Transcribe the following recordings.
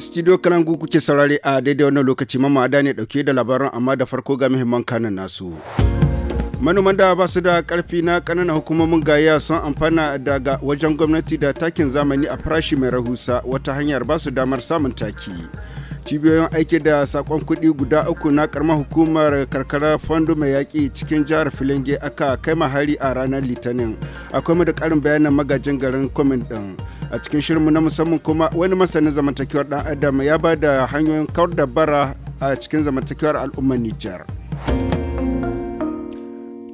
studio kalangu kuke saurare a daidai wannan lokaci mamma da ne dauke da labaran amma da farko ga muhimman kanan nasu manoman da ba su da karfi na kananan hukumomin gayya sun amfana daga wajen gwamnati da takin zamani a farashi mai rahusa wata hanyar ba su damar samun taki cibiyoyin aiki da sakon kuɗi guda uku na karamar hukumar karkara fondo mai yaƙi cikin jihar filinge aka kai mahari a ranar litinin akwai mu da ƙarin bayanan magajin garin kwamin ɗin a cikin shirinmu na musamman kuma wani masanin zamantakewar dan adam ya ba da hanyoyin kawar da bara a cikin zamantakewar al'ummar nijar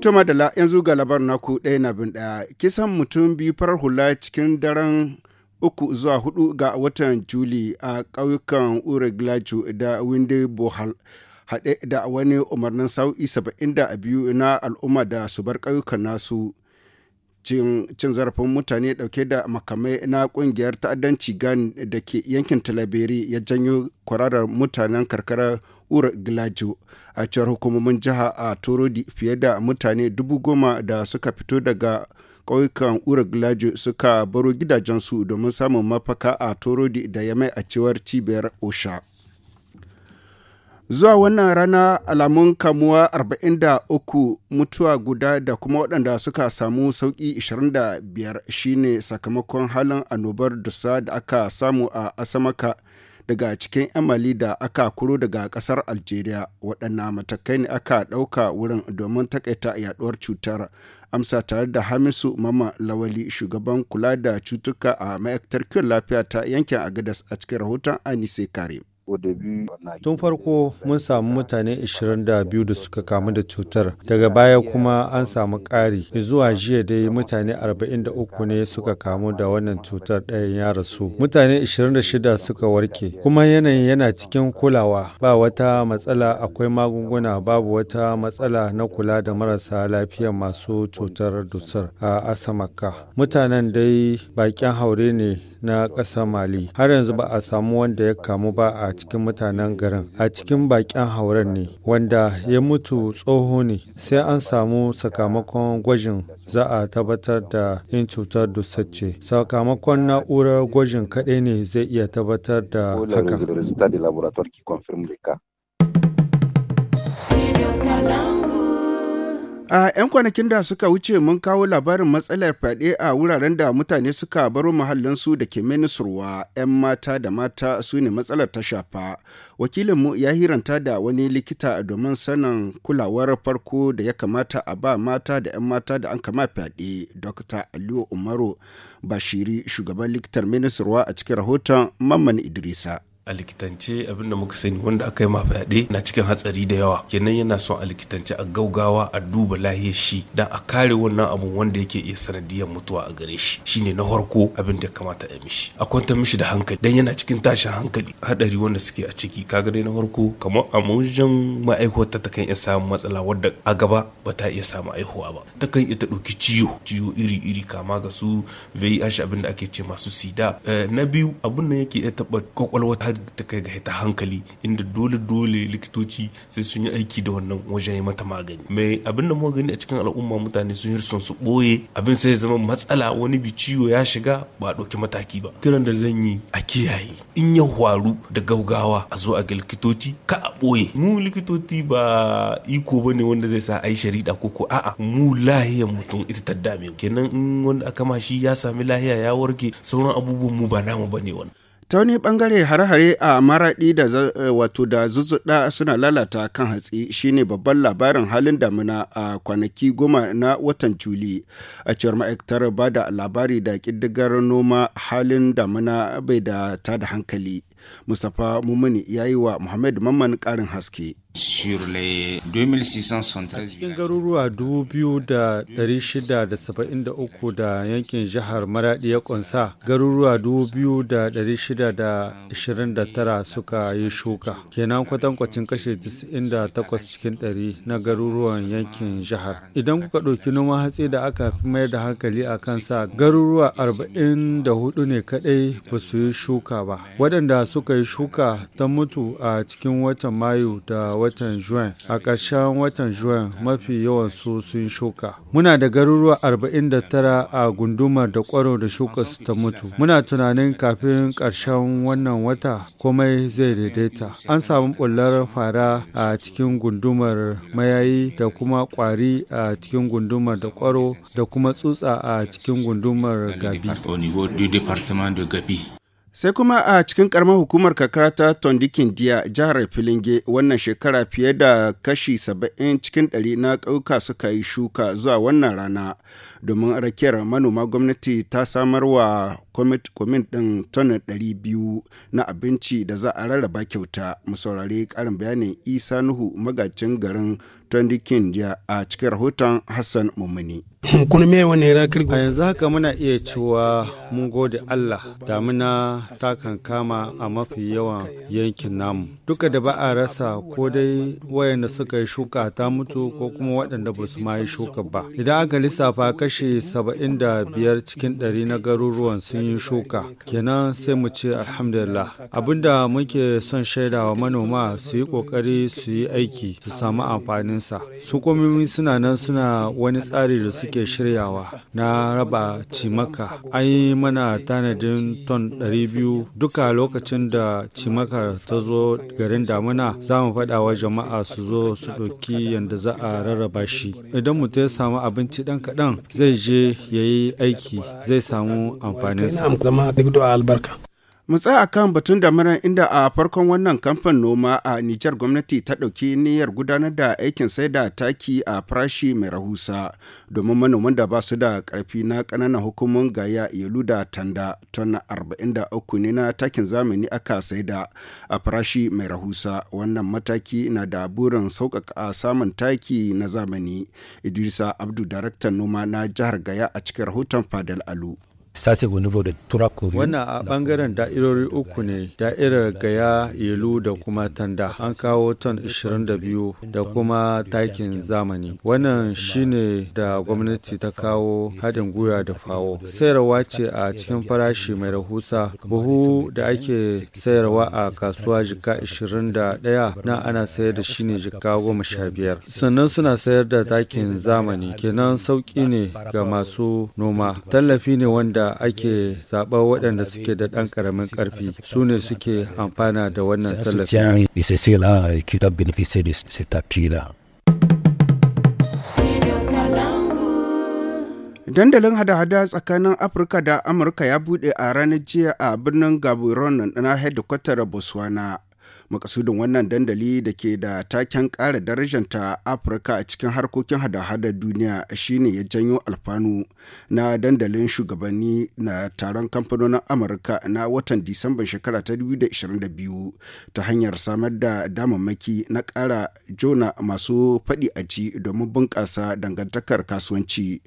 to madala yanzu ga na naku ɗaya na bin ɗaya kisan mutum biyu farar hula cikin daren uku zuwa hudu ga watan juli a ƙauyukan ure glaju da winde bohal haɗe da wani umarnin sau'i 72 na al'umma da su bar ƙauyukan nasu cin zarafin mutane dauke da makamai na kungiyar ta'addanci gan da ke yankin talabiri ya janyo kwararar mutanen karkarar ur glajo a cewar hukumomin jiha a torodi fiye da mutane dubu goma da suka fito daga ƙauyukan ur glajo suka baro gidajensu domin samun mafaka a torodi da ya mai a cewar cibiyar osha Zuwa wannan rana alamun kamuwa 43 mutuwa guda da kuma waɗanda suka samu sauƙi 25 shine sakamakon halin annobar dusa da aka samu a Asamaka daga cikin 'yan da aka kuro daga ƙasar Algeria waɗanna matakai ne aka ɗauka wurin domin takaita yaɗuwar cutar. Amsa tare da Hamisu Mama Lawali shugaban kula da cutuka a ma'aikatar kiwon lafiya ta yankin Agadas a cikin rahoton Anise Karim. Tun farko mun samu mutane 22 da suka kamu da cutar, daga baya kuma an samu ƙari. Zuwa jiya dai mutane 43 ne suka kamu da wannan cutar ɗayan ya rasu. Mutane 26 suka warke, kuma yanayin yana cikin kulawa. Ba wata matsala akwai magunguna babu wata matsala na kula da marasa lafiya masu cutar dusar a Asamaka. Mutanen dai baƙin haure ne na ƙasar Mali. Har yanzu ba a samu wanda ya kamu ba a cikin mutanen garin. A cikin bakin hauren ne, wanda ya mutu tsoho ne, sai an samu sakamakon gwajin za a tabbatar da in cutar dusar ce. Sakamakon na'urar gwajin kaɗai ne zai iya tabbatar da hakan. A 'yan kwanakin da suka wuce mun kawo labarin matsalar fyaɗe a wuraren da mutane suka baro mahallinsu da ke minisurwa 'yan mata da mata su ne matsalar ta shafa. Wakilinmu ya hiranta da wani likita domin sanin kulawar farko da ya kamata a ba mata da 'yan mata da an kama fyaɗe. Dr. Aliyu Umaru Bashiri, shugaban likitar minisurwa a cikin rahoton Mamman Idrisa. a likitance abinda muka sani wanda aka yi fyaɗe na cikin hatsari da yawa kenan yana son a likitance a gaugawa a duba lahiyar shi dan a kare wannan abun wanda yake iya sanadiyar mutuwa a gare shi shine na farko abin da kamata a mishi a kwanta mishi da hankali dan yana cikin tashin hankali hadari wanda suke a ciki kaga dai na farko kamar a wajen ma'aikata ta kan iya samun matsala wadda a gaba ba ta iya samu aihuwa ba ta kan iya ta ɗauki ciwo ciwo iri iri kama ga su VIH abin da ake ce masu sida eh, na biyu abin nan yake iya taɓa kwakwalwa ta ta kai ga ta hankali inda dole dole likitoci sai sun yi aiki da wannan wajen yi mata magani mai abin da muka gani a cikin al'umma mutane sun yi son su boye abin sai ya zama matsala wani bi ciwo ya shiga ba ɗauki mataki ba kiran da zan yi a kiyaye in ya faru da gaugawa a zo a ga likitoci ka a boye mu likitoci ba iko ba ne wanda zai sa ai sharida ko ko a'a mu lahiyar mutum ita ta dame kenan in wanda aka ma shi ya sami lahiya ya warke sauran abubuwan mu ba namu ba ne wannan ta wani bangare hare-hare a maraɗi da eh, wato da zuzuɗa suna lalata kan hatsi shine babban labarin halin damina a kwanaki goma na watan juli a cewar ma'aikatar ba da labari da ƙiddigar noma halin damina bai da ta da hankali mustapha mumuni ya yi wa muhammad mamman ƙarin haske A cikin garuruwa 2,673 da yankin jihar Maradi ya kunsa, garuruwa 2,629 suka yi shuka. Kenan kwatankwacin kashe 98 cikin 100 na garuruwan yankin jihar. Idan kuka ɗauki noman hatsi da aka fi mai da hankali a kansa, garuruwa 44 ne kaɗai ba su yi shuka ba. Waɗanda suka yi shuka ta mutu a cikin watan Mayu da watan Juin. A ƙarshen watan Juin mafi yawan su sun shuka. Muna da garuruwa arba'in da tara a gundumar da kwaro da shuka su ta mutu. Muna tunanin kafin ƙarshen wannan wata komai zai daidaita. An samu bullar fara a cikin gundumar mayayi da kuma kwari a cikin gundumar da kwaro da kuma tsutsa a cikin gundumar gabi. Sai kuma a cikin karamar hukumar kakara ta Tondikin Diya jihar Filinge wannan shekara fiye da kashi saba'in cikin ɗari na ƙauka suka yi shuka zuwa wannan rana. domin rakiyar manoma gwamnati ta samar wa kwamin ɗin tona 200 na abinci da za a rarraba kyauta mu saurari ƙarin bayanin isa nuhu magacin garin tondikin a cikin rahoton hassan mummuni. a yanzu haka muna iya cewa mun gode Allah damina ta kankama a mafi yawan yankin namu duka da ba a rasa ko dai wayanda suka yi shuka ta mutu ko kuma waɗanda ba su ma yi shuka ba idan aka lissafa kashi 75 cikin ɗari na garuruwan sun yi shuka kenan sai mu ce alhamdulillah abinda muke son shaidawa manoma su yi kokari su yi aiki su samu amfaninsa su komomi suna nan suna wani tsari da suke shiryawa na raba cimaka an yi mana tanadin ton 200 duka lokacin da cimaka ta zo garin damuna za mu faɗa wa jama'a su zo su ɗauki yadda za a rarraba shi idan mu ta samu abinci ɗan kaɗan zai je ya yi aiki zai samu amfaninsa. Kina zama duk da albarka. Matsa a kan batun mara inda a farkon wannan kamfan noma a Nijar gwamnati ta ɗauki niyyar gudanar da aikin sai da taki a farashi mai rahusa domin manoman da ba su da karfi na ƙananan hukumun gaya yalu da tanda ton 43 ne na takin zamani aka saida a farashi mai rahusa wannan mataki na da burin sauƙaƙa samun taki na zamani Idrisa Abdu daraktan noma na jihar Gaya a cikin rahoton Fadal Alu. sase da wannan a bangaren da'irori uku ne da'irar gaya yelu da kuma tanda an kawo ton 22 da kuma takin zamani wannan shine da gwamnati ta kawo haɗin gwiwa da fawo sayarwa ce a cikin farashi mai rahusa buhu da ake sayarwa a kasuwa jika 21 na ana sayar da shi ne jika biyar. sannan suna sayar da takin zamani kenan sauƙi ne ga masu noma tallafi ne wanda da ake zaɓar waɗanda suke da ɗan ƙaramin ƙarfi su ne suke amfana da wannan tallafi. Dandalin hada-hada tsakanin Afirka da Amurka ya buɗe a ranar jiya a birnin Gaborone na hedikwatar Botswana. makasudin wannan dandali da ke da taken ƙara darajanta afirka a cikin harkokin hada-hadar duniya shine ya janyo alfanu na dandalin shugabanni na taron kamfanonin amurka na watan disamban shekara ta 2022 ta hanyar samar da damammaki na ƙara jona masu faɗi a ci domin bunƙasa dangantakar kasuwanci.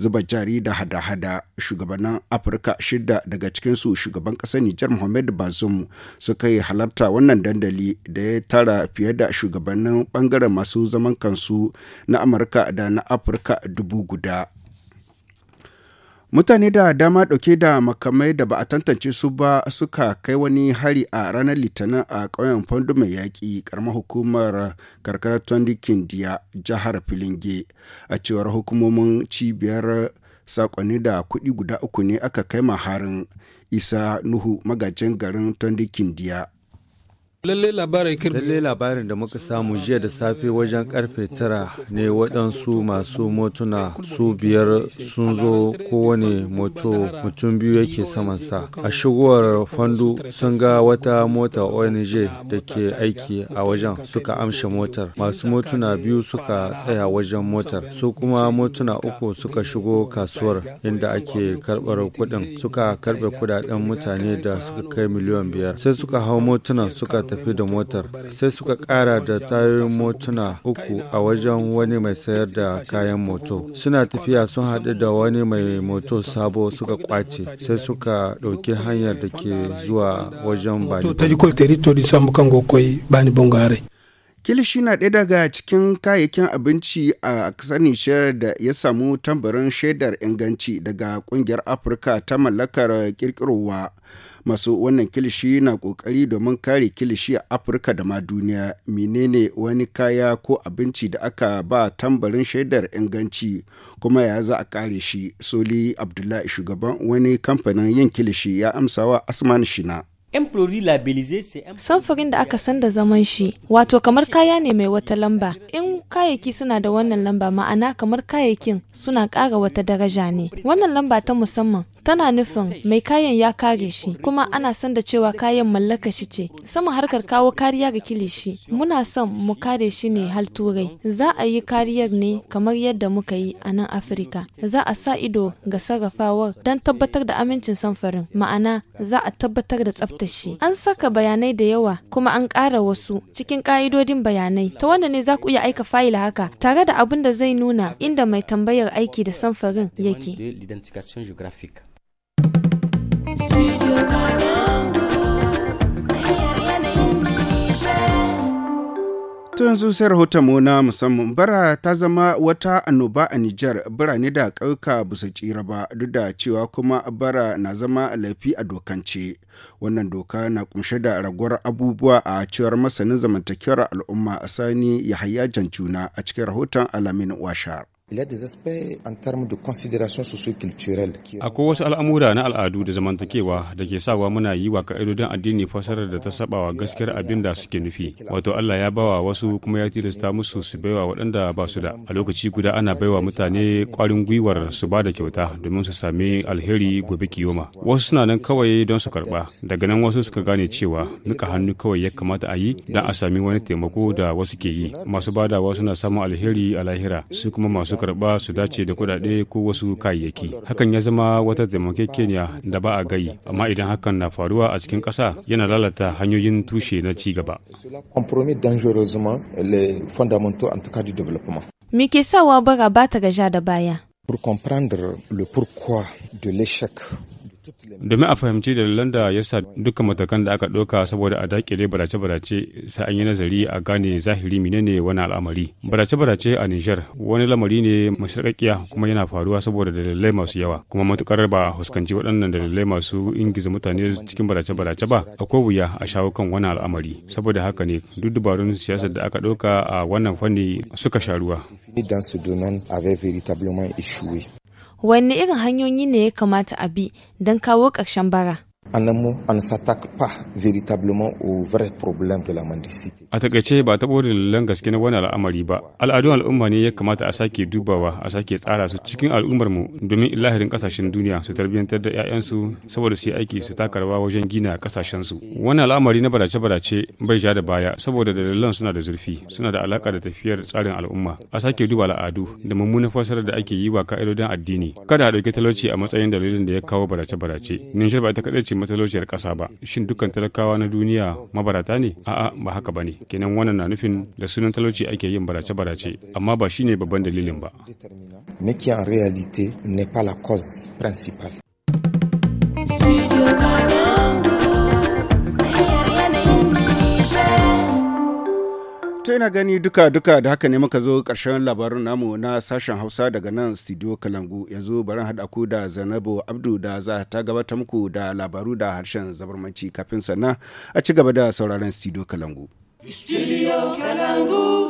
zuba jari da hada-hada shugabannin afirka shida daga cikinsu shugaban ƙasar nijar muhammad bazum suka yi halarta wannan dandali da ya tara fiye da shugabannin ɓangaren masu zaman kansu na amurka da na afirka dubu guda Mutane da dama ɗauke da makamai da ba a tantance su ba suka kai wani hari a ranar Litinin a ƙauyen Fondo mai yaƙi ƙaramar hukumar karkarar Tondikin Diya jihar Filinge a cewar hukumomin cibiyar sakonni da kuɗi guda uku ne aka kai ma harin Isa Nuhu magajin garin Tondikin Diya Lalle labarin Lalle labarin da muka samu jiya da safe wajen karfe tara ne waɗansu masu motuna su biyar sun zo kowane moto mutum biyu yake samansa. A shigowar fandu sun ga wata mota ONG da ke aiki a wajen suka amshe motar. Masu motuna biyu suka tsaya wajen motar. Su kuma motuna uku suka shigo kasuwar inda ake karɓar kuɗin. Suka karɓe kuɗaɗen mutane da suka kai miliyan biyar. Sai suka hau motunan suka tafi da motar sai suka kara da tayoyin motuna uku a wajen wani mai sayar da kayan moto suna tafiya sun haɗu da wani mai moto sabo suka kwace sai suka ɗauki hanyar da ke zuwa wajen bani kilishi na ɗaya daga cikin kayayyakin abinci a sani shayar da ya samu tambarin shaidar inganci daga ƙungiyar afirka ta mallakar ƙirƙirowa masu wannan kilishi na kokari domin kare kilishi a afirka da ma duniya menene wani kaya ko abinci da aka ba tambarin shaidar inganci kuma ya za a kare shi soli abdullahi shugaban wani kamfanin yin kilishi ya amsawa asman shina Samfurin da aka san da zaman shi, wato kamar kaya ne mai wata lamba, in kayayyaki suna da wannan lamba ma'ana kamar kayayyakin suna ƙara wata daraja ne. Wannan lamba ta musamman tana nufin mai kayan ya kare shi, kuma ana san da cewa kayan mallaka shi ce. Sama harkar kawo kariya ga kilishi, muna son mu kare shi ne hal turai. Za a yi kariyar ne kamar yadda muka yi a nan Afirka. Za a sa ido ga sarrafawar don tabbatar da amincin samfurin ma'ana za a tabbatar da tsafta. da shi an saka bayanai da yawa kuma an ƙara wasu cikin ƙa'idodin bayanai ta wanda ne za ku iya aika fayil haka tare da abin da zai nuna inda mai tambayar aiki da samfarin yake. wato yanzu sai rahoton mu na musamman bara ta zama wata annoba a Nijar birane da ƙauka ba tsira ba duk da cewa kuma bara na zama laifi a dokance. Wannan doka na kumshe da raguwar abubuwa a cewar masanin zamantakewar al'umma a sani Yahaya Janjuna a cikin rahoton Alamin Washar. Akwai wasu al'amura na al'adu da zamantakewa da ke sawa muna yi wa ka'idodin addini fasarar da ta saba wa gaskiyar abin da suke nufi. Wato Allah ya bawa wasu kuma ya tilasta musu su baiwa waɗanda ba su da. A lokaci guda ana baiwa mutane ƙwarin gwiwar su ba da kyauta domin su sami alheri gobe kiyoma. Wasu suna nan kawai don su karɓa. Daga nan wasu suka gane cewa nuka hannu kawai ya kamata a yi don a sami wani taimako da wasu ke yi. Masu badawa suna samun alheri a lahira su kuma masu karba su dace da kuɗaɗe ko wasu kayayyaki hakan ya zama wata taimakekeniya da ba a gai amma idan hakan na faruwa a cikin ƙasa yana lalata hanyoyin tushe na ci gaba Me ke sawa bara ba ta gaja da baya? pour comprendre le pourquoi de l'échec domin a fahimci dalilan da ya sa dukkan matakan da aka ɗauka saboda a dakile barace-barace sai an yi nazari a gane zahiri menene wani al'amari barace-barace a niger wani lamari ne mai kuma yana faruwa saboda dalilai masu yawa kuma matukar ba a fuskanci waɗannan dalilai masu ingiza mutane cikin barace-barace ba a ko wuya a shawo kan wani al'amari saboda haka ne duk dabarun siyasar da aka ɗauka a wannan fanni suka sha ruwa wanne irin hanyoyi ne ya kamata a bi don kawo ƙarshen bara? pa A takaice ba da dalilan gaske na wani al'amari ba, al'adun al'umma ne ya kamata a sake dubawa a sake tsara su cikin al'ummar mu domin lahirin ƙasashen duniya su tarbiyyantar da 'ya'yansu saboda su yi aiki su taka rawa wajen gina ƙasashensu. Wani al'amari na barace-barace bai ja da baya saboda dalilan suna da zurfi suna da alaƙa da tafiyar tsarin al'umma. A sake duba al'adu da mummunan fasarar da ake yi wa ka'idodin addini. Kada a ɗauki talauci a matsayin dalilin da ya kawo barace-barace. Nijar ba ce matalauciyar ƙasa ba shin dukkan talakawa na duniya mabarata ne a'a ba haka bane kenan wannan na nufin da sunan talauci ake yin barace barace amma ba shine babban dalilin ba ne qui n'est pas la cause principale To ina gani duka-duka da haka ne muka zo karshen labarin namu na sashen Hausa daga nan studio Kalangu yanzu barin haɗa ku da zanabo Abdu da za ta gabatar muku da labaru da harshen zabarmanci kafin sannan a ci gaba da sauraron studio Kalangu. Studio Kalangu.